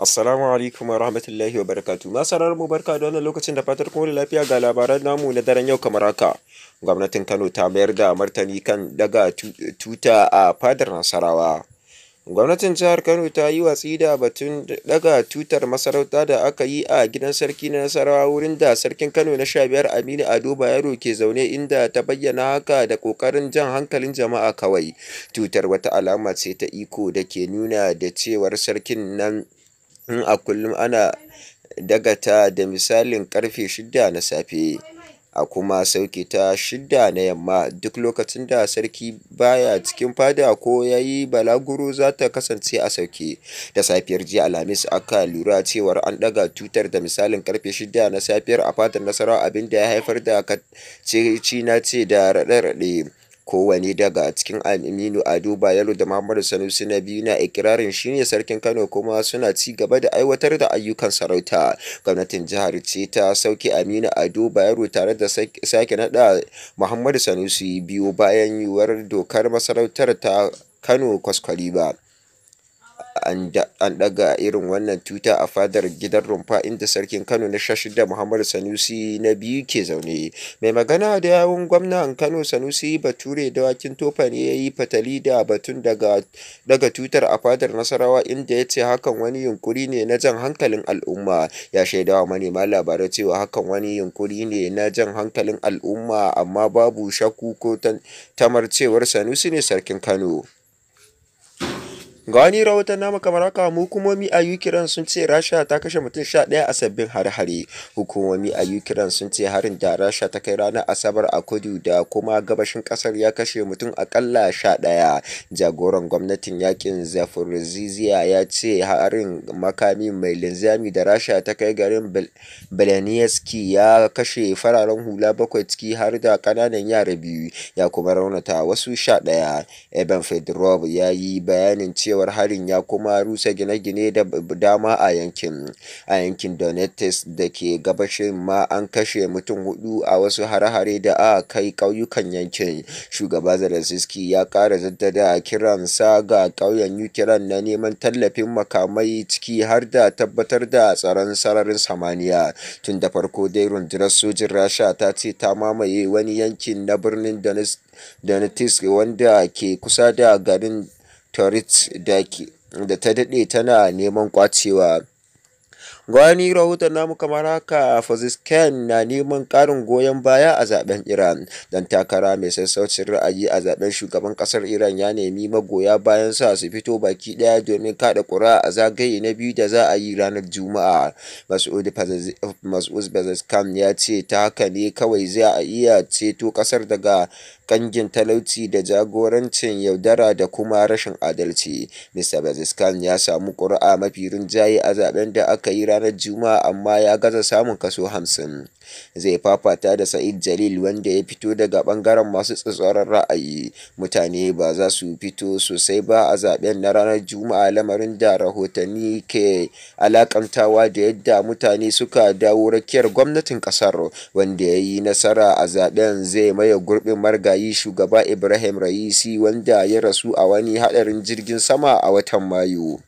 Assalamu alaikum wa rahmatullahi wa barakatu. Masarar mu barka da wannan lokacin da fatar kuma lafiya ga labaran namu na daren yau kamar haka. Gwamnatin Kano ta mayar da martani kan daga tuta a fadar Nasarawa. Gwamnatin jihar Kano ta yi watsi da batun daga tutar masarauta da aka yi a gidan sarki na Nasarawa wurin da sarkin Kano na 15 Aminu Ado Bayero ke zaune inda ta bayyana haka da kokarin jan hankalin jama'a kawai. Tutar wata alama ce ta iko da ke nuna da cewar sarkin nan in a kullum ana dagata da misalin karfe shida na safe a kuma sauke ta shida na yamma. Duk lokacin da sarki baya cikin fada ko ya yi balaguro za ta kasance a sauke. Da safiyar jiya Alhamis aka lura cewar an daga tutar da misalin karfe shida na safiyar a fadar Nasarawa abinda ya haifar da na ce da raɗe-raɗe. Kowanne daga cikin Aminu Ado Bayero da Muhammadu Sanusi na biyu na ikirarin shine Sarkin Kano kuma suna ci gaba da aiwatar da ayyukan sarauta. Gwamnatin jihar ce ta sauke Aminu Ado Bayero tare da sake naɗa Muhammadu Sanusi biyu bayan yiwuwar dokar masarautar ta Kano Kwaskwari ba. an ɗaga irin wannan tuta a fadar gidan Rumfa inda Sarkin Kano na da Muhammadu Sanusi na biyu ke zaune. Mai magana da yawun gwamnan Kano Sanusi Bature Dawakin Tofa ne ya yi fatali da batun daga, daga tutar a fadar Nasarawa inda ya ce hakan wani yunkuri ne na jan hankalin al'umma. Ya shaidawa manema labarai cewa hakan wani yunkuri ne na jan hankalin al'umma amma babu shakku ko tamar cewar Sanusi ne Sarkin Kano. ga wani rahoton namu kamar haka hukumomi a ukraine sun ce rasha ta kashe mutum sha ɗaya a sabbin hare hukumomi a ukraine sun ce harin da rasha ta kai ranar asabar a kudu da kuma gabashin kasar ya kashe mutum akalla sha ɗaya jagoran gwamnatin yakin zafirizizia ya ce harin makami mai linzami da rasha ta kai garin belanieski ya kashe fararen hula bakwai ciki har da kananan yara biyu ya kuma raunata wasu sha ɗaya eben fedorov ya yi bayanin cewa cewar harin ya kuma rusa gine-gine da dama a yankin a yankin Donetsk da ke gabashin ma an kashe mutum hudu a wasu hare-hare da a kai ƙauyukan yankin shugaba Zelensky ya ƙara kiran kiransa ga ƙauyen Ukraine na neman tallafin makamai ciki har da tabbatar da tsaron sararin samaniya tun da farko dai rundunar sojin Rasha ta ce ta mamaye wani yankin na birnin Donetsk wanda ke kusa da garin Teresa daki da ta daɗe tana neman kwacewa. gwani rahoton namu kamar haka Pezeshkian na neman ƙarin goyon baya a zaɓen Iran. Don takara mai sassaucin ra'ayi a zaɓen shugaban ƙasar Iran ya nemi magoya bayan sa su fito baki ɗaya domin kaɗa ƙuri'a a zagaye na biyu da za a yi ranar Juma'a. Mas'ud Pezeshkian ya ce ta haka ne kawai za a iya ceto ƙasar daga kangin talauci da jagorancin yaudara da kuma rashin adalci. Mr. Pezeshkian ya samu ƙuri'a mafi rinjaye a zaɓen da aka yi ranar Juma'a amma ya gaza samun kaso hamsin Zai fafata da Sa'id Jalil wanda ya fito daga bangaren masu tsatsauran ra'ayi. Mutane ba za su fito sosai ba a zaben na ranar Juma'a lamarin da rahotanni ke alakantawa da yadda mutane suka dawo rakiyar gwamnatin kasar wanda ya yi nasara a zaben zai maye gurbin margayi shugaba Ibrahim Raisi wanda ya rasu a wani haɗarin jirgin sama a watan Mayu.